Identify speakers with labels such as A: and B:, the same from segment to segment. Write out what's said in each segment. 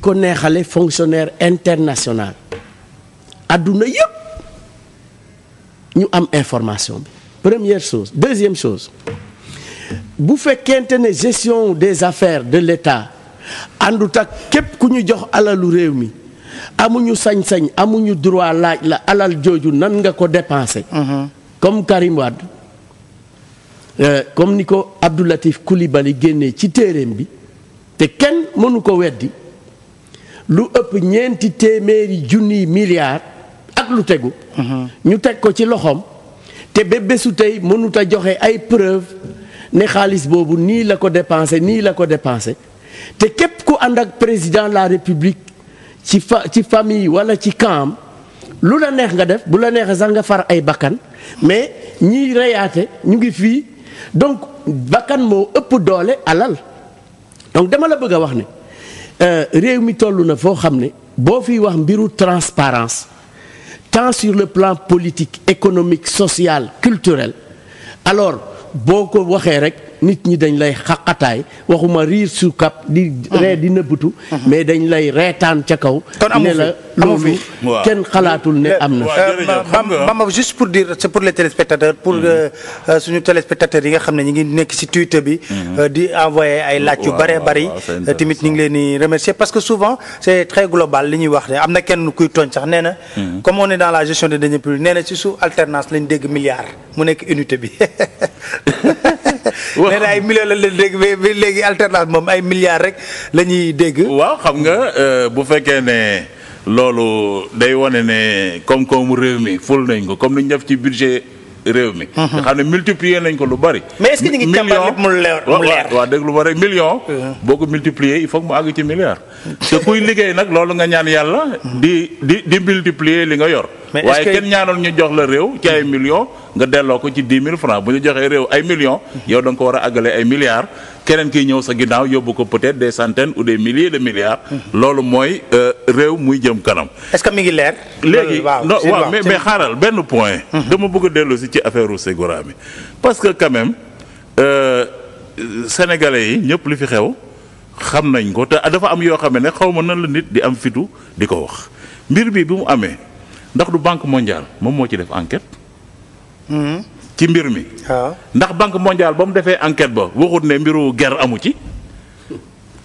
A: ko neexale fonctionnaire international adduna yëpp ñu am information bi première chose deuxième chose bu fekkente ne gestion des affaires de l'État àndut ak képp ku ñu jox alalu réew mi amuñu sañ-sañ amuñu droit laaj la alal jooju nan nga ko dépenser. Mhm. comme Karim Wade euh, comme ni ko Abdoulatif Coulibaly génnee ci téereem bi te kenn mënu ko weddi lu ëpp ñeenti téeméeri junniy milliards ak lu tegu. ñu teg ko ci loxoom te ba bésu tey mënut joxe ay preuve ne xaalis boobu nii la ko dépensé nii la ko dépensé te képp ku ànd ak président la république ci fa ci famille wala ci camp lu la neex nga def bu la neexee sax nga far ay bakkan mais ñiy reyaate ñu ngi fii donc bakkan moo ëpp doole alal donc dama la bëgg a wax ne. Euh, réew mi toll na foo xam ne boo fi wax mbiru transparence tant sur le plan politique économique sociale culturel alors boo ko waxee rek nit ñi dañ lay xàqataay waxuma riir sukap di mhm. ree di nëbbatu mhm. mais dañ lay reetaan ca kaw ne la loolu kenn xalaatul ne am na euh,
B: Bamba juste pour dire c'est pour les téléspectateurs pour mhm. euh, euh, suñu téléspectateurs yi nga xam ne ñi ngi nekk ci Twitter bi di envoyer ay laaj yu bare bari tamit ñi ngi leen di remercier parce que souvent c'est très global li ñuy wax ne am na kenn kuy tooñ sax nee na comme on est dans la gestion des deniers publics nee na ci su alternance lañ dégg milliard mu nekk unité bi nee
C: na ay millions la leen dégg mais léegi alternance moom ay milliards rek la ñuy dégg. waaw xam nga euh, bu fekkee ne loolu day wane ne koom-koomu réew mi ful nañ ko comme ni ñu def ci budget. réew mi. Mhm. nga xam ne multiplier nañ ko lu bari. mais est-ce que ñu ngi càmbar déglu ma rek million. Mhm. boo ko multiplier il faut que mu àgg ci milliard. te kuy liggéey nag loolu nga ñaan yàlla. di di di multiplier li nga yor. waaye kenn ñaanoon ñu jox la réew ci ay millions nga delloo ko ci dix mille francs bu ñu joxee réew ay million mhm. yow da nga ko war a àggale ay milliards. keneen kiy ñëw sa ginnaaw yóbbu ko peut-être des centaines ou des milliers de milliards. loolu mooy euh, réew muy jëm kanam.
B: est-ce que mi ngi leer. léegi non waaw mais mais xaaral benn
C: point. Mhm. dama bëgg a dellu si ci affaire u Ségura bi parce que quand même euh, yi ñëpp li fi xew xam nañ ko te dafa am yoo xam ne xaw ma nan la nit di am fitu di ko wax mbir bi bi mu amee ndax du banque mondiale moom moo ci def enquête. Mhm. ci mbir mi. ndax banque mondiale ba mu defee enquête ba waxut ne mbiru guerre amu ci.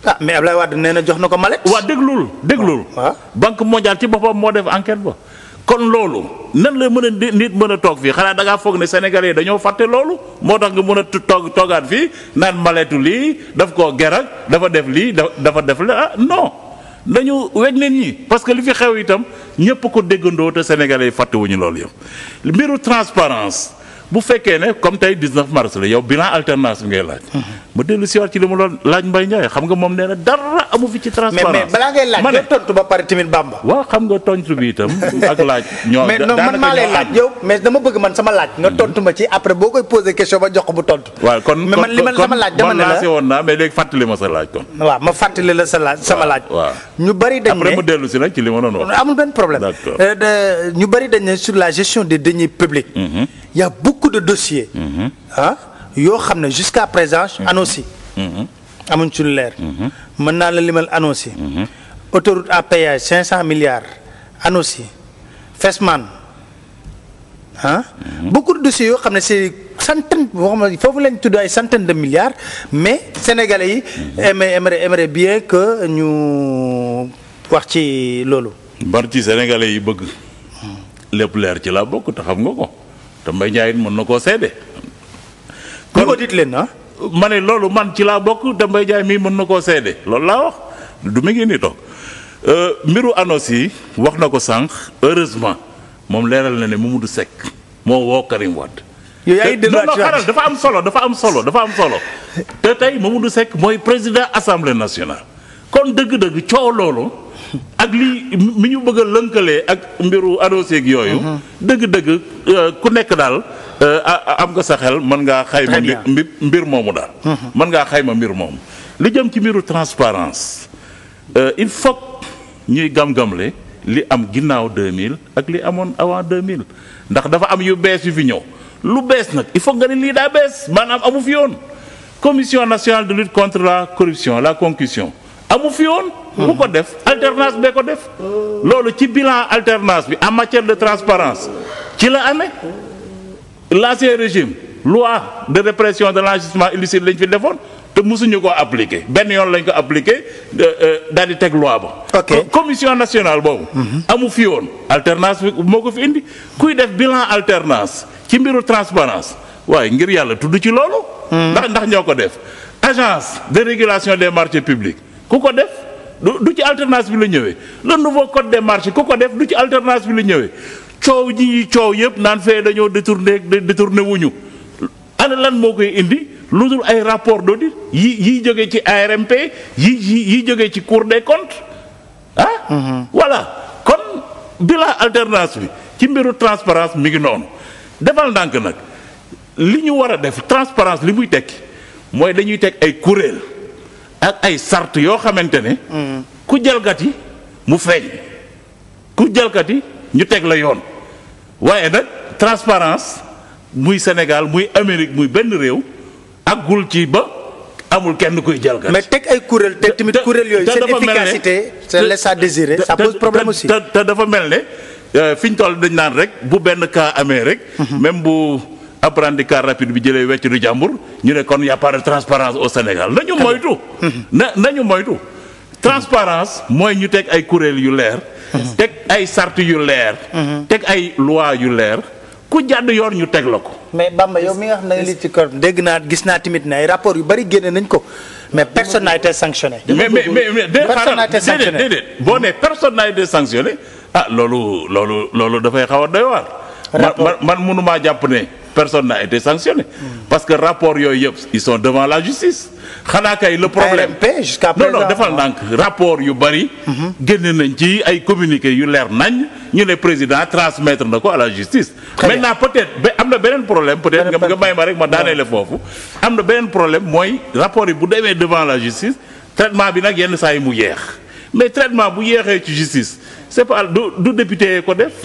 C: ah mais Ablaye Wade nee na jox na ko malet. waa déglul déglul. Ah, banque mondiale ci boppam moo def enquête ba. kon loolu nan la mën a nit mën a toog fii xanaa da foog ne sénégalais dañoo fàtte loolu moo tax nga mën a toog toogaat fii naan maletu lii daf koo gerak dafa def lii dafa def la ah non dañu wéj nit ñi parce que li fi xew itam ñëpp ko déggandoo te sénégalais yi loolu yëpp bu fekkee ne comme tey 19 mars la yow bilan alternance bi ngay laaj. ma dellu si waat ci li mu doon laaj Mbaye Ndiaye xam nga moom nee na dara amu fi ci. transparence mais balaa ngay laaj nga tontu ba pare tamit laaj. yow
B: mais dama bëgg man sama laaj. nga tontu ma ci après boo koy posé question ba jox ko bu tontu.
C: waaw kon kon man li ma sama laaj dama la mais laaj kon. waaw ma fàttali la sama laaj. waaw ñu bari après mu dellu si nag ci li ma doon wax. amul benn
B: euh, mm-hmm. a beaucoup de mm-hmm. ah, yoo xam ne jusqu'à présent mm-hmm. annoncé. Mm-hmm. amuñ ci lu leer. mën naa la limal annoncé. autoroute à péage 500 milliards annoncé Fesman ah. beaucoup de dossiers yoo xam ne c'est centaine foofu lañ tudd ay centaine de milliards mais sénégalais yi. mr aimerait bien que ñu
C: wax ci loolu. bari ci sénégalais yi bëgg. Mm. lépp leer ci laa bokk te xam nga ko. te Mbaye mën na koo seede. kon ko na ah? ma ne loolu man ci laa bokk te Mbaye Ndiaye mii mën na koo seede loolu laa wax du mi ngi nii toog euh, mbiru annonce yi wax na ko sànq heureusement moom leeral na ne Mamadou sekk moo woo Karim Wade. yow yaa ngi dafa am solo dafa am solo dafa am solo te tey Mamadou sekk mooy président assemblée nationale kon dëgg-dëgg coow loolu. ak lii mi ñu bëgg lënkalee ak mbiru annoncé ak yooyu. Mhm. dëgg-dëgg euh, ku nekk daal euh, am nga sa xel mën ngaa xayma. mbir mbir moomu daal. Mhm. mën ngaa xayma mbir moomu. li jëm ci mbiru transparence euh, il faut ñuy gam-gamle li am ginnaaw 2000 ak li amoon avant 2000 ndax dafa am yu bees yu fi ñëw lu bees nag il faut nga ne lii daa bees maanaam amu fi yoon commission nationale de lutte contre la corruption la concussion amu fi yoon. ku ko def alternance bee ko def loolu ci bilan alternance bi en matière de transparence ci la amee l'ancien régime loi de répression de l'enrichissement illicite lañ fi defoon te mosuñu ko appliqué benn yoon lañ ko appliqué euh, euh, daal di teg loi ba. ok commission nationale boobu. Mhm. amu fi woon alternance bi moo ko fi indi kuy def bilan alternance ci mbiru transparence waaye ngir yàlla tudd ci loolu. Mhm. ndax ndax ñoo ko def agence de régulation des marchés publics du ci alternance bi la ñëwee le nouveau code des marchés ku ko def du ci alternance bi la ñëwee coow ji ñuy coow yëpp naan fee dañoo détourné détourné wuñu ana lan moo koy indi lu dul ay rapport d'audit yi yiy jógee ci ARMP yi yiy jógee ci Cour des comptes ah mm-hmm. voilà kon bila alternance bi ci mbiru transparence mi ngi noonu defal ndànk nag li ñu war a def transparence li muy tekki mooy dañuy teg ay kuréel ak ay sart yoo xamante ne. ku jalgati mu feeñ ku jalgati ñu teg la yoon waaye nag transparence muy Sénégal muy Amérique muy benn réew ak àggul ci ba amul kenn kuy jalgati. mais teg ay kuréel te tamit kuréel yooyu. seen efficacité ça laisse à désirer. ça pose problème aussi dafa mel ne fi ñu toll dañ naan rek bu benn kaa amee rek. Mhm. même bu. apprenti car rapide bi jëlee wecc du jàmbur ñu ne kon y a pas transparence au Sénégal nañu moytu mhm. na nañu moytu transparence mooy ñu teg ay kuréel yu leer mhm. teg ay sart yu leer mhm. teg ay loi yu leer ku jàdd yoon ñu teg la ko
B: mais Bamba yow mi nga xam ne li ci kër dégg naa gis naa tamit ne ay rapport yu bari génne nañ ko mais personne n'a été sanctionné mais mais mais déedéet
C: boo ne personne n'a été sanctionné ah loolu loolu loolu dafay xaw a doy waar man man jàpp ne personne n'a été sanctionné. Hmm. parce que rapport yooy yëpp ils sont devant la justice. xanaa kay le problème jusqu'à présent non non defal ndànk rapport yu bari. Hmm. génn nañ ci ay communiqué yu leer nañ ñu ne président transmettre na ko à la justice. maintenant peut-être ba am na beneen problème peut-être nga may ma rek ma daaneele foofu. am na beneen problème mooy rapport yi bu demee devant la justice traitement bi nag yenn saa yi mu yeex mais traitement bu yeexee ci justice. c'est pas du du député ko def.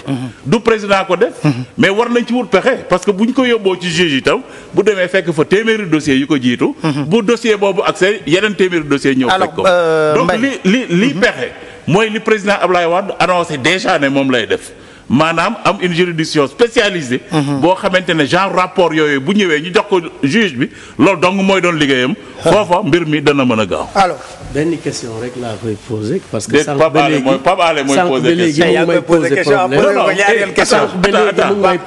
C: du président ko def. mais war nañ ci wut pexe parce que bu ñu ko yóbboo ci juge itam bu demee fekk fa téeméeri dossier yu ko jiitu. bu dossier boobu ak yeneen téeméeri dossier ñëw fekk ko euh, donc li li li mhm. pexe mooy li président Ablaye Wade annoncé déjà ne moom lay def. maanaam am une juridiction spécialisée. Mhm. boo xamante ne genre rapport yooyu bu ñëwee ñu jox ko juge bi loolu donc mooy doon liggéeyam. Ah. foofa mbir mi dana mën a gaaw.
A: alors benn question rek laa koy posé. parce que sànq
C: ba léegi mooy posé question sànq ba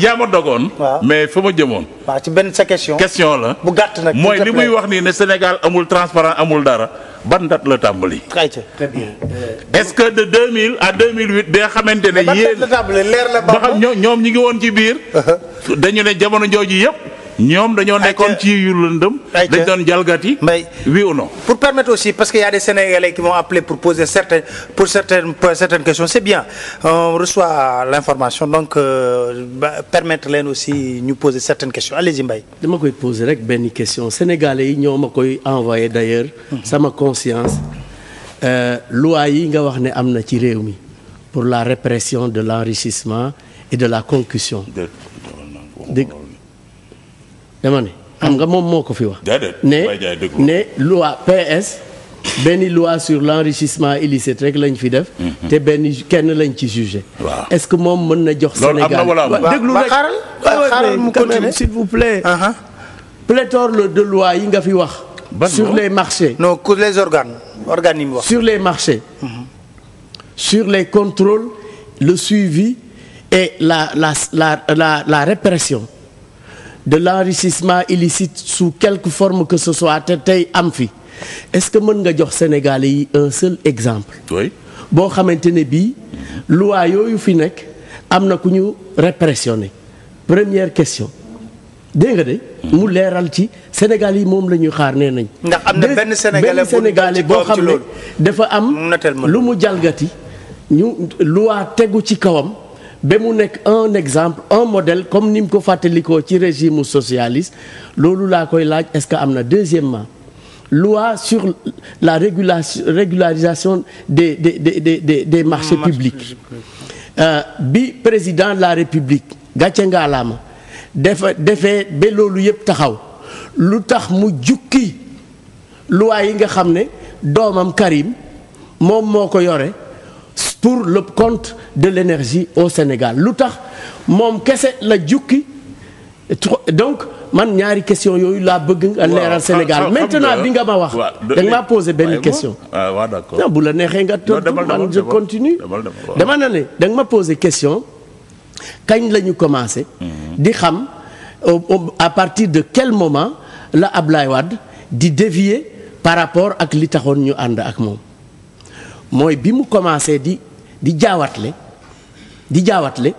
C: yaa ma dogoon. mais fa ma jëmoon.
B: waaw ci benn sa question.
C: la bu gàtt nag mooy li muy wax nii ne Sénégal amul transparent amul dara. ban date la tàmbali. très bien. Euh, est-ce que de 2000 à 2008 day xamante ne yéen. ban date la leer la ba xam ñoom ñi ngi woon ci biir. Uh-huh. dañu ne jamono jooju yëpp. ñoom dañoo nekkoon ci yu lëndëm. dañ jalgati. mbay oui ou non. permettre aussi parce que y a des Sénégalais qui m'ont appelé pour
B: poser certaines pour certaines pour certaines questions c'est bien on reçoit l'information donc permettre leen aussi ñu poser certaines questions allez-y Mbaye. dama koy poser rek benn
A: question Sénégalais yi ñoo ma koy envoyé d'ailleurs. sama conscience loi yi nga wax ne am na ci réew mi pour la répression de l'enrichissement et de la concussion. dama ne xam nga moom moo ko fi wax. ne ne loi PS. benn loi sur l'enrichissement illicite rek lañu fi def. Mhm. te benn kenn lañ ci jugé. est-ce que moom mën na jox. Sénégal déglu rek xaaral mu continue s'il vous plaît. Uh-huh. le
B: de loi yi nga fi wax. sur les marchés. non que les organes sur
A: les marchés. Mhm. sur les contrôles le suivi et la la la la la répression. de l'enrichissement illicite su quelque forme que ce soit te tey am fi est-ce que mën nga jox Sénégalais yi un seul exemple. oui boo xamante ne bii loi yooyu fi nekk am na ku ñu répressionné première question. dégg de mu leeral ci Sénégal yi moom la ñuy xaar nee nañ. ndax
B: am na benn sénégalais boo xam ne
A: dafa am lu mu jalgati ñu loi tegu ci kawam. ba mu nekk un exemple un modèle comme ni mu ko fàttalikoo ci régime socialiste loolu laa koy laaj est-ce que am na deuxièmement loi sur la régulation régularisation des de des des des, des marchés publics euh, bi président de la république gàcce ngaalaama defe defee ba loolu yëpp taxaw lu tax mu jukki loi yi nga xam ne doomam Karim moom moo ko yore pour le compte de l'énergie au Sénégal lu tax moom kese la jukki donc man ñaari question yooyu laa bëgg nga leeral Sénégal maintenant bi nga ma wax da nga maa posé benn question
C: ah, waaw d'accord bu
A: la neexee nga tontu man je continue dama na ne da ma posé question kañ la ñu commencé mhm. di xam à partir de quel moment la Ablaye Wade di dévier par rapport ak li taxoon ñu ànd ak moom mooy bi mu commencé di di jaawatle di jaawatle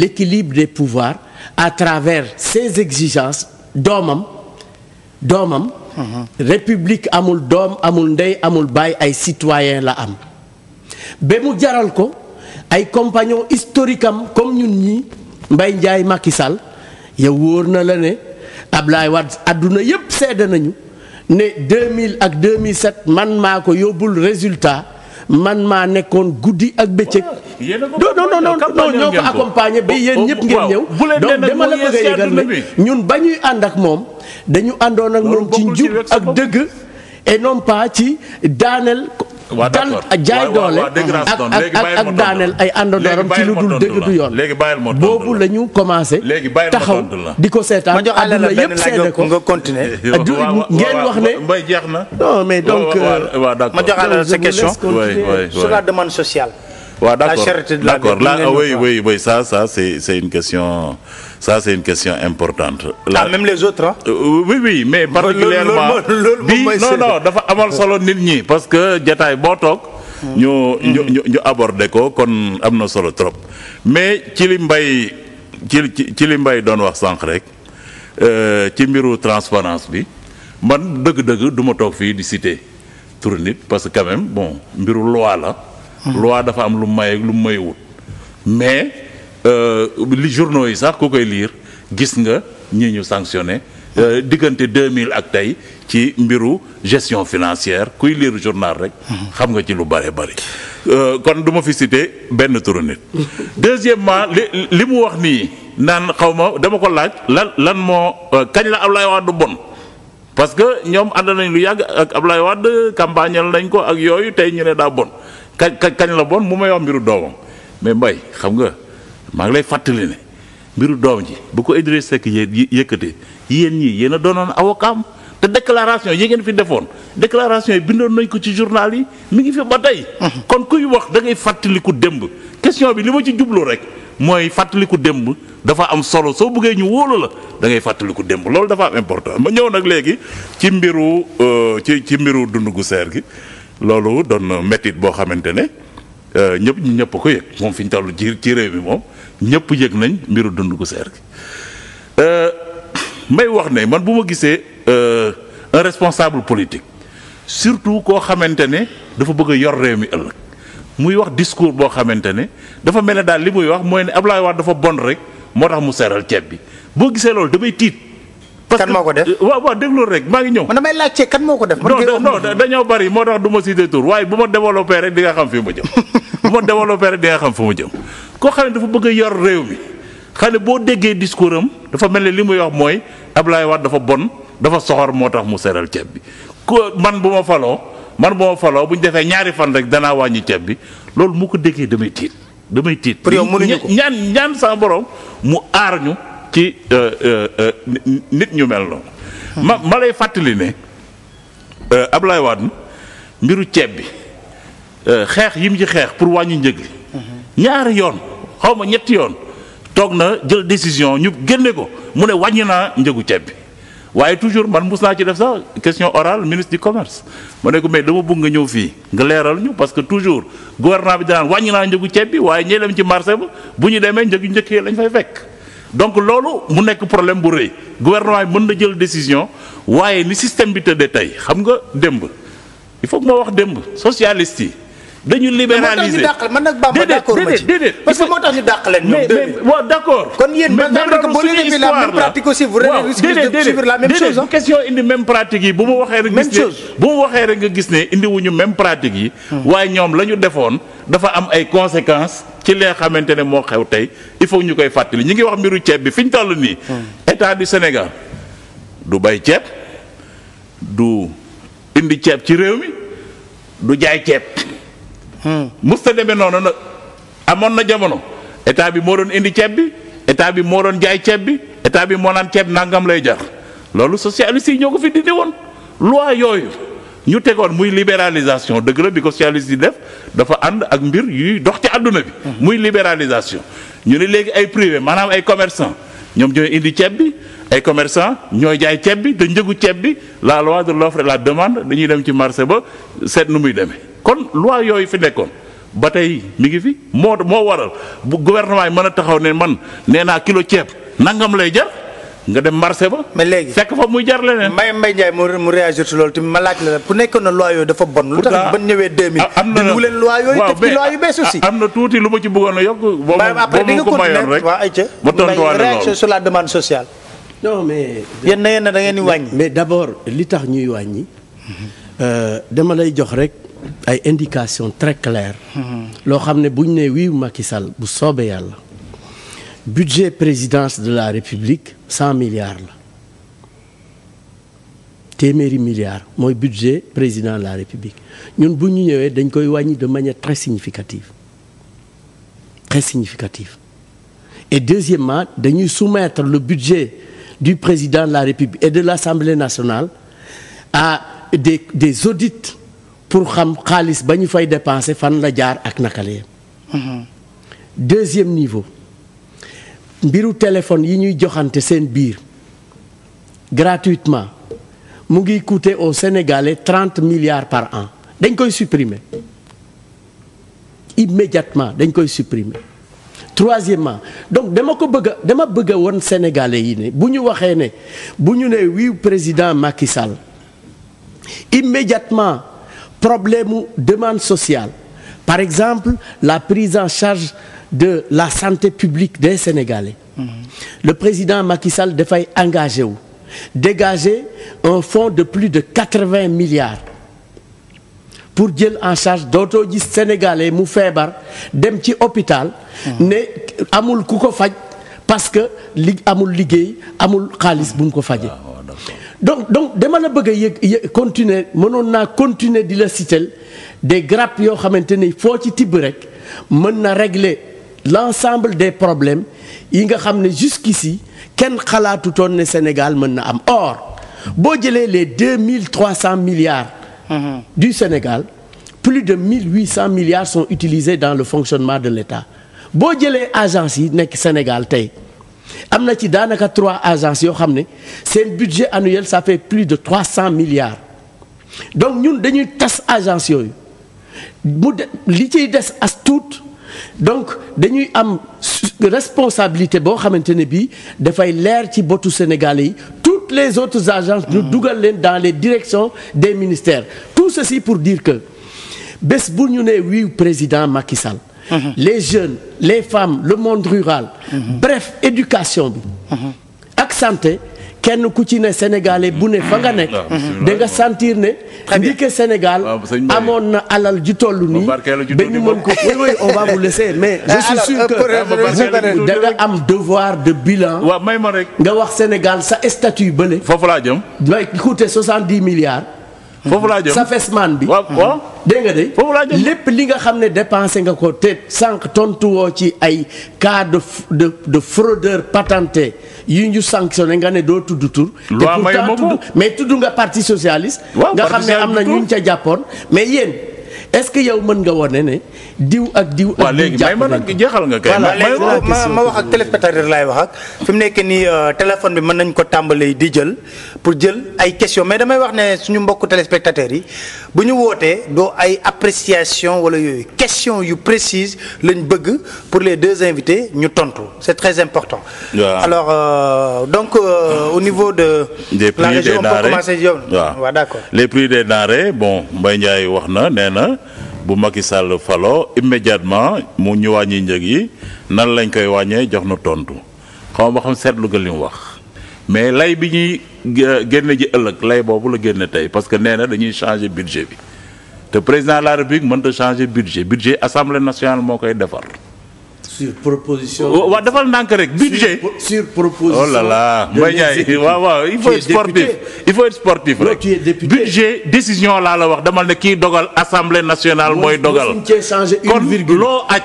A: l'équilibre des pouvoirs à travers ses exigences doomam doomam mhm. république amul doom amul ndey amul baay ay citoyen la am ba mu jaral ko ay compagnons historique comme ñun ñi mbay Ndiaye Macky Sall yow wóor na la ne Ablaye Wade àdduna yépp seede nañu ne 2000 ak 2007 man maa ko yóbbul résultat man maa nekkoon guddi ak bëccëg. non non non non ñoo ko accompagner ba yéen ñëpp ngeen ñëw. donc dama la bëgg a yëgal ne ñun ba ñuy ànd ak moom dañu àndoon ak moom ci njub ak dëgg et ci daaneel. waaw d'accord daan jaay doole. ak daaneel ay àndandooram ci lu dul dëgg du yoon. léegi la boobu la ñu commencé. léegi bàyyil ma tontu la taxaw di ko seetaan. ma jox àdduna yëpp seede ko nga continuer.
B: ngeen wax ne jeex na. non mais donc. Euh, ma jox àll sa question. sur la demande sociale.
C: waaw d'accord la charité de la. d'accord là oui oui oui ça ça c'est une question. ça c'est une question importante. Ah, la ah, même les autres hein? euh, oui oui mais. particulièrement bi non non dafa amal solo nit ñi parce que jataay boo toog. ñu ñu ñu ko kon am na solo trop mais ci li mbay ci ci li mbay doon wax sànq rek euh, ci mbiru transparence bi man dëgg-dëgg du toog fii di citer tur nit parce que quand bon mbiru loi la. Hmm. loi dafa am lu may ak lu maywut mais. Euh, li journaux yi sax ku koy lire gis nga ñi ñu sanctionné euh, diggante deux mille ak tey ci mbiru gestion financière kuy lire journal rek. xam nga ci lu bare bari. Euh, kon du ma fi cité benn turu nit. deuxièmement li li mu wax nii naan xaw ma dama ko laaj lan lan moo kañ la Ablaye Wade bon. parce que ñoom ànd nañ lu yàgg ak Ablaye Wade campagnal nañ ko ak yooyu tey ñu ne daa bon kañ kañ la bon mu may wax mbiru doomam mais mbay xam nga. maa ngi lay fàttali ne mbiru doom ji bu ko Idrissa Seck yë yëkkatee yéen ñii yéen a doonoon avocat am te déclaration yi ngeen fi defoon déclaration yi bindoon nañ ko ci journal yi mi ngi fi ba tey. Mhm. kon kuy wax da ngay fàttaliku démb. question bi li ma ci jublu rek mooy fàttaliku démb dafa am solo soo bëggee ñu wóolu la da ngay fàttaliku démb loolu dafa am important ma ñëw nag léegi ci mbiru euh, ci ci mbiru dund gu seer gi loolu doon métit boo xamante ne euh, ñëpp ñëpp ko yëg moom fi ñu toll ci ci réew mi moom. ñëpp yëg nañ mbiru dund gu seer gi euh, may wax ne man bu ma gisee euh, un responsable politique surtout koo xamante ne dafa bëgg a yor réew mi ëllëg muy wax discours boo xamante ne dafa mel ne daal li muy wax mooy ne Ablaye wax dafa bon rek moo tax mu seeral ceeb bi boo gisee loolu damay tiit. parce kan moo ko def waaw waaw déglu rek maa ngi ñëw. man damay laajte kan moo ko def. man non non dañoo bari moo tax du ma cité tur waaye bu ma développé rek di xam fi ma jëm bu ma koo xam ne dafa bëgg a yor réew mi xam ne boo déggee discours am dafa mel ne li muy wax mooy Abdoulaye Wade dafa bon dafa soxor moo tax mu seral ceeb bi. ko man bu ma faloo man bu ma faloo bu ñu defee ñaari fan rek danaa wàññi ceeb bi loolu mu ko déggee damay tiit damay tiit. pour yow mënuñu ko ñaan ñaan sama borom mu aar ñu. ci euh, euh, euh, nit ñu mel noonu. ma ma lay fàttali ne Abdoulaye Wade mbiru ceeb bi xeex yi mu ci xeex pour wàññi njëg li ñaari yoon xaw ma ñetti yoon toog na jël décision ñu génne ko mu ne wàññi naa njëgu ceeb bi. waaye toujours man mus naa ci def sax question orale ministre du commerce ma ne ko mais dama bëgg nga ñëw fii nga leeral ñu parce que toujours gouvernement bi danaan wàññi naa njëgu ceeb bi waaye ñee dem ci marché ba bu ñu demee njëgu njëkk lañ fay fekk. donc loolu mu nekk problème bu rëy gouvernement bi mën na jël décision waaye ni système bi tëddee tey xam nga démb il faut que moo wax démb socialiste yi dañu libéraliser man nag Bamba d'accord ma ci déedéet parce que moo tax ñu dàq leen ñoom déedéet waaw d'accord kon yéen man daanaka boo leen defee la même pratique aussi vous risquez de suivre la même chose question indi même pratique yi bu ma waxee rek ne bu nga gis ne indi wuñu même pratique yi hmm. waaye ñoom la ñu defoon dafa am ay conséquence ci li nga xamante ne moo xew tey il faut ñu koy fàttali ñu ngi wax mbiru ceeb bi fi ñu toll nii hmm. état du Sénégal du bay ceeb du indi ceeb ci réew mi du jaay ceeb mus ta demee noonu na amoon na jamono état bi moo doon indi ceeb bi état bi moo doon jaay ceeb bi état bi moo naan ceeb nangam lay jar loolu socialiste yi ñoo ko fi dindi woon loi yooyu ñu tegoon muy libéralisation dëgg la bi ko socialiste yi def dafa ànd ak mbir yuy dox ci àdduna bi hmm. muy libéralisation ñu ne léegi ay privé maanaam ay commerçant ñoom ñooy indi ceeb bi ay commerçant ñooy jaay ceeb bi te njëgu ceeb bi la loi de l'offre la demande dañuy dem ci marché ba seet nu muy demee kon loi yooyu fi nekkoon ba tey mu ngi fi moo moo waral bu gouvernement yi mën a taxaw ne man nee naa kilo ceeb nangam lay jar nga dem marché ba. mais léegi fekk fa muy jar leneen.
B: Mbaye Mbaye Ndiaye mu mu réagir loolu tamit ma laaj la ku nekkoon na loi yooyu dafa bon. lu tax ba ñëwee 2000. Ah, am na leen loi yooyu teg ci loi yu bees ah, aussi.
C: am a yokk. ko mayoon rek waaw ayca Mbaye réaction sur
B: la demande sociale. non na da ngeen di wàññi. mais
A: d'abord li tax ñuy wàññi euh, dama lay jox rek. ay indication très claire loo xam ne bu ñu nee wii Macky Sall bu soobee yàlla budget présidence de la république cent milliards la téeméeri milliards mooy budget président de la république ñun bu ñu ñëwee dañ koy wàññi de manière très significative très significative et deuxièmement dañuy soumettre le budget du président de la république et de l'assemblée nationale à des des audits pour xam xaalis ba ñu fay dépenser fan la jaar ak naka la yem mhm. deuxième niveau mbiru téléphone yi ñuy joxante seen biir gratuitement mu ngi coûter au Sénégalais trente milliards par an dañ koy supprimer immédiatement dañ koy supprimer troisièmement donc dama ko bëgg a dama bëgg a woon yi ne bu ñu waxee ne bu ñu ne wiiw président Macky Sall problème mu demande sociale par exemple la prise en charge de la santé publique des Sénégalais mm-hmm. le président Macky Sall dafay engagé wu dégager un fonds de plus de quatre-vingts milliards pour jël en charge dootoo gis sénégalais mu feebar dem ci hôpital mm-hmm. ne amul ku ko faj parce que li amul liggéey amul xaalis bu ko fajee donc donc dama la bëgg a yëg continuer mënoon naa continuer di la sitel des grappes yoo xamante ni foo ci tibb rek mën na régler l'ensemble des problèmes yi nga xam ne jusqu'ici kenn xalaatu xalaatutoon ne Sénégal mën na am or boo jëlee les deux mille trois cent milliards. Mmh. du Sénégal plus de mille huit cent milliards sont utilisés dans le fonctionnement de l'État boo jëlee agence yi nekk Sénégal tey. am na ci daanaka trois agences yoo xam ne seen budget annuel ça fait plus de trois cent milliards donc ñun dañuy tas agence yooyu mu de li ciy des as tuut donc dañuy am responsabilité boo xamante ne bii dafay leer ci botu Sénégalais yi toutes les autres agences ñu hmm. dugal leen dans les directions des ministères tout ceci pour dire que bés bu ñu nee oui président Macky Sall Mm-hmm. les jeunes les femmes le monde rural. Mm-hmm. bref éducation bi. Mm-hmm. ak santé kenn ku ci ne sénégalais bu ne fa nga nekk. da nga sentir ne. ndike Sénégal amoon na alal ju toll nii. ba ñu mën ko oui oui on va vous laisser mais. Ah, je suis sûr euh, que da am devoir de bilan. waaw may rek. nga wax Sénégal sa statut bële. foofu laa jëm. day coûter soixante milliards. foofu laa jëm sa fesman bi. waaw waaw dégg nga lépp li nga xam ne dépensé nga ko te sànq tontuwoo ci ay cas de de de fraudeur patenté yi ñu sanctionné nga ne doo tudd tur. te pourtant tudd mais tudd nga parti socialiste. nga xam ne am na ñu ca jàppoon mais yéen. est-ce que yow mën
B: nga wane ne diw ak diw. ak diw jàpp nañ ko jeexal nga kay. ma ma wax ak téléspectateur laay wax ak. fi mu nekk nii euh, téléphone bi mën nañ ko tàmbalee di jël pour jël ay question mais damay wax ne suñu mbokku téléspectateurs yi bu ñu wootee doo ay appréciation wala yu question yu précise lañ bëgg pour les deux invités ñu tontu c'est très important. Yeah. alors euh, donc euh, au niveau de. des prix la région, des denrées
C: on des denrées bon Mbaye Ndiaye wax na nee na bu Macky Sall falo immédiatement mu ñu wàññi njëg yi nan lañ koy wàññee jox na tontu xaw ma xam seetlu nga li mu wax. mais lay bi ñuy euh, génne ji ëllëg lay boobu la génne tey parce que nee na dañuy changer budget bi te président de la république mënta changer budget budget assemblée nationale moo koy defar. sur proposition. waaw defal ndànk rek budget. sur proposition. oh décision laa la wax damal kii dogal assemblée nationale mooy dogal.
A: kon loo aj.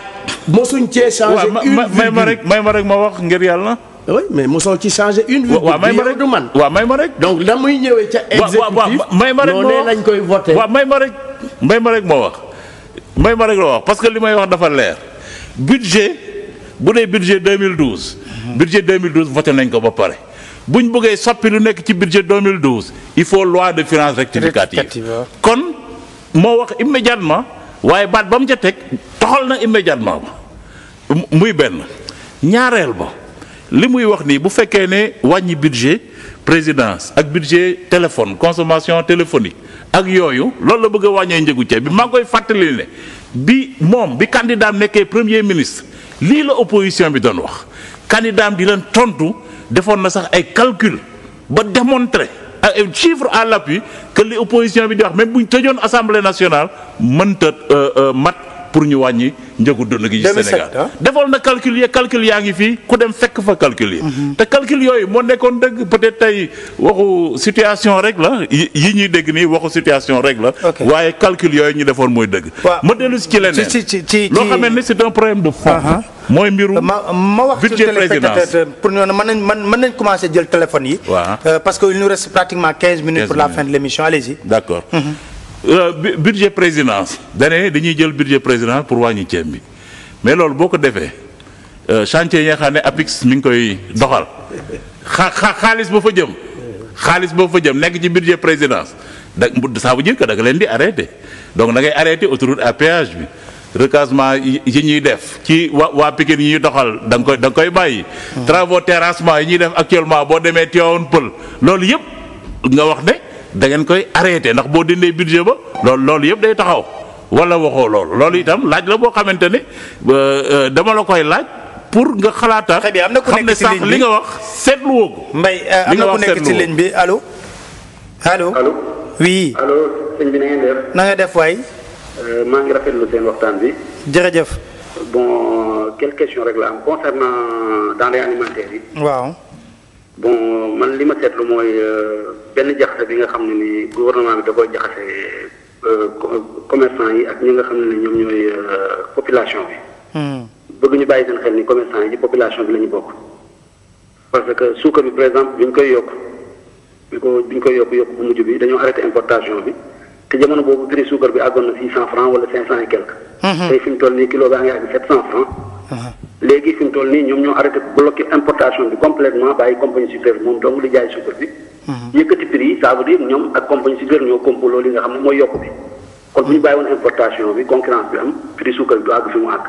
A: mosuñ cee changer une virgule kon may ma rek may ma rek ma wax
C: ngir yàlla. oui mais mosoo ci changé une. waaw may ma rek du man waaw may ma rek. donc da muy ñëwee may ma rek noonu lañ koy voté. waaw may ma rek may ma rek moo wax may ma rek la wax parce que li may wax dafa leer budget bu dee budget 2012. budget 2012 voté nañ ko ba pare. bu ñu bëggee soppi lu nekk ci budget 2012 il faut loi de finances rectificative kon moo wax immédiatement waaye baat ba mu ca teg toxal na immédiatement ba muy benn ñaareel ba. li muy wax nii bu fekkee ne wàññi budget présidence ak budget téléphone consommation téléphonique ak yooyu loolu la bëgg a wàññee njëgu ceeb bi mag koy fàttali ne bi moom bi candidat am nekkee premier ministre lii la opposition bi doon wax candidat am di leen tontu defoon na sax ay calcul ba démontrer ay chiffre à l'appui que li opposition bi di wax même bu ñu tëjoon assemblée nationale mënta euh, euh, mat. pour ñu wàññi njëgu dund gi. ci Sénégal defoon na calcul yi calcul yaa ngi fii ku dem fekk fa calcul yi. Mhm. te calcul yooyu moo nekkoon dëgg peut-être tey waxu situation rek la yi ñuy dégg nii waxu situation rek la. waaye calcul yooyu ñu defoon mooy dëgg. ma dellu si ci leneen ci ci ci loo xam ne c'est un problème de fond. Uh-huh. mooy mbiru budget présidence
B: pour ñu mën nañ mën nañ commencer jël téléphone yi. Euh, parce que il nous reste pratiquement 15 minutes pour la fin de l'émission allez
C: Euh, budget présidence dane dañuy jël budget présidence pour wàññi ceeb bi mais loolu boo ko defee euh, chantier yi xam ne APIX mi ngi koy doxal xa xaalis boo fa jëm xaalis boo fa jëm nekk ci budget présidence da ça veut dire que da nga leen di arrêté donc da ngay arrêté autoroute à péage bi recasement yi ñuy def ci waa waa Pikine yi ñuy doxal da koy da nga koy bàyyi. Hmm. travaux terrassement yi ñuy def actuellement boo demee Tivaouane Peulh loolu yëpp nga wax ne. da ngeen koy arrêté ndax boo dindee budget ba loolu loolu yëpp day taxaw wala waxoo loolu loolu itam laaj la boo xamante ne euh, euh, dama la koy laaj pour nga xalaataat. très bien am na ku nekk ci xam ne sax li nga wax seetlu woo mbay euh, am na ku nekk ci ligne bi allo.
B: allo allo. oui allo sëñ bi na def. na def waay. maa ngi rafetlu seen waxtaan bi. jërëjëf. bon quelques questions rek am concernant
A: denrées alimentaires yi. waaw. bon man li ma seetlu mooy euh, benn jaxase bi nga xam ne ni gouvernement bi da koy jaxase euh, commerçant yi ak ñi nga xam ne ñoom
B: ñooy euh, population bi. Hmm. bëgg ñu bàyyi seen xel ni commerçant yi ci population bi la ñu bokk. parce que suukar bi par exemple bi ñu koy yokk bi ko bi ñu koy yokk
A: bu mujj bi dañoo arrêté importation bi te jamono boobu prix suukar bi àggoon na six cent franc wala cinq cent et quelque. Hmm. tey fi toll nii kilo baa ngi àgg sept cent franc. Uh-huh. léegi fi mu toll nii ñoom ñoo arrêté bloqué importation bi complètement bàyyi compagnie sucrière moom donc di jaay sucre bi. Mhm. yëkkati prix yi ça dire ñoom ak compagnie sucrière ñoo complot li nga xam ne mooy yokk bi. kon bu bi concurrence bi am prix sucre bi du àgg fi mu àgg.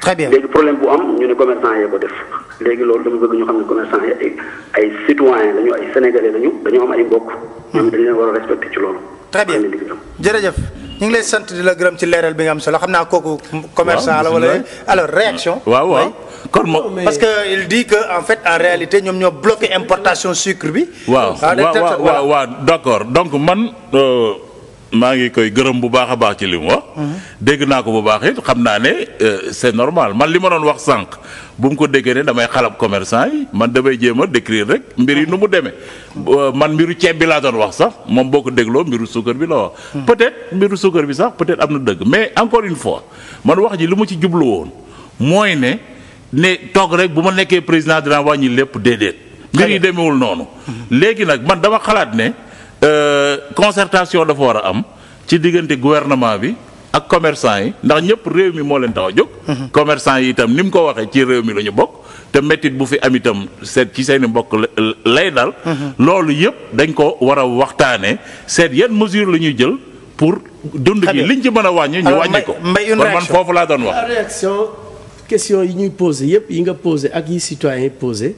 A: très bien léegi problème bu am ñu ne commerçant yee ko def léegi loolu dama bëgg ñu xam ne commerçant yi ay citoyen lañu ay sénégalais lañu dañoo am ay mbokk. Mhm.
B: ñoom
C: dañu leen war a respecté ci loolu.
B: très bien jërëjëf ñu ngi lay sant di la gërëm ci leeral bi nga am solo xam naa kooku. commercant la wala alors réaction. waaw waaw
C: kon moom. parce que
B: il dit que en fait en réalité ñoom ñoo bloqué importation sucre bi. waaw ah, waaw waaw waaw
C: d'accord donc man. Euh, maa ngi koy gërëm bu baax a baax ci li mu wax. Mm-hmm. dégg naa ko bu baax xam naa ne euh, c'est normal man li ma doon wax sànq bu mu ko déggee ne damay xalab commercant yi man damay jéem a décrire rek mbir yi nu mu demee. Mm-hmm. Euh, man mbiru ceeb bi laa doon wax sax moom boo ko dégloo mbiru suukar bi la wax. Mm-hmm. peut mbiru suukar bi sax peut-être am na dëgg mais encore une fois man wax ji li mu ci jublu woon mooy ne ne toog rek bu ma nekkee président dinaa wàññi lépp déedéet. mbir yi demewul noonu. léegi nag xalaat ne. Euh, concertation dafa war a am ci diggante gouvernement bi ak commerçant yi ndax ñëpp réew mi moo leen tax a jóg. Mhm. commerçant yi itam ni mu ko waxee ci réew mi la ñu bokk te méttit bu fi am itam seet ci seen i mbokk lay dal. Mhm. loolu yëpp dañ ko war a waxtaanee seet yan mesure la ñuy jël pour. dund gi liñ ci mën a wàññi ñu wàññi ko. mbay man foofu laa doon wax.
A: réaction question yi ñuy posé yëpp yi nga posé ak yi citoyen posé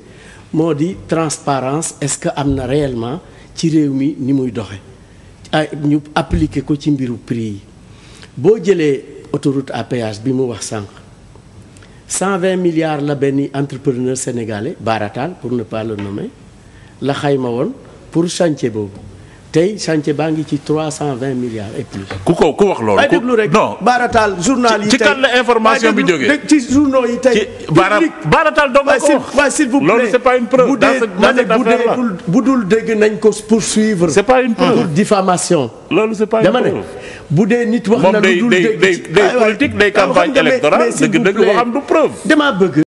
A: moo di transparence est-ce que am na réellement. ci réew mi ni muy doxe ñu appliquer ko ci mbiru prix yi boo jëlee autoroute à bi mu wax sànq cent vingt milliards la benn entrepreneur sénégalais Baratal pour ne pas le nommer la xayma woon pour chantier boobu tey chantier baa ngi ci trois cent vingt milliards et plus.
C: ku ko ku wax loolu.
A: ci kan la information bi jógee
C: ci journaux yi tey. ci baara baarataal dong nga ko wax waaye s'il vous plaît loolu c'est pas une preuve. dans cette dans cette poursuivre. c'est pas une
A: preuve diffamation. loolu c'est pas une preuve dama ne bu dee nit wax na lu dul dégg. day day day politique day campagne waxam du preuve. dama bëgg.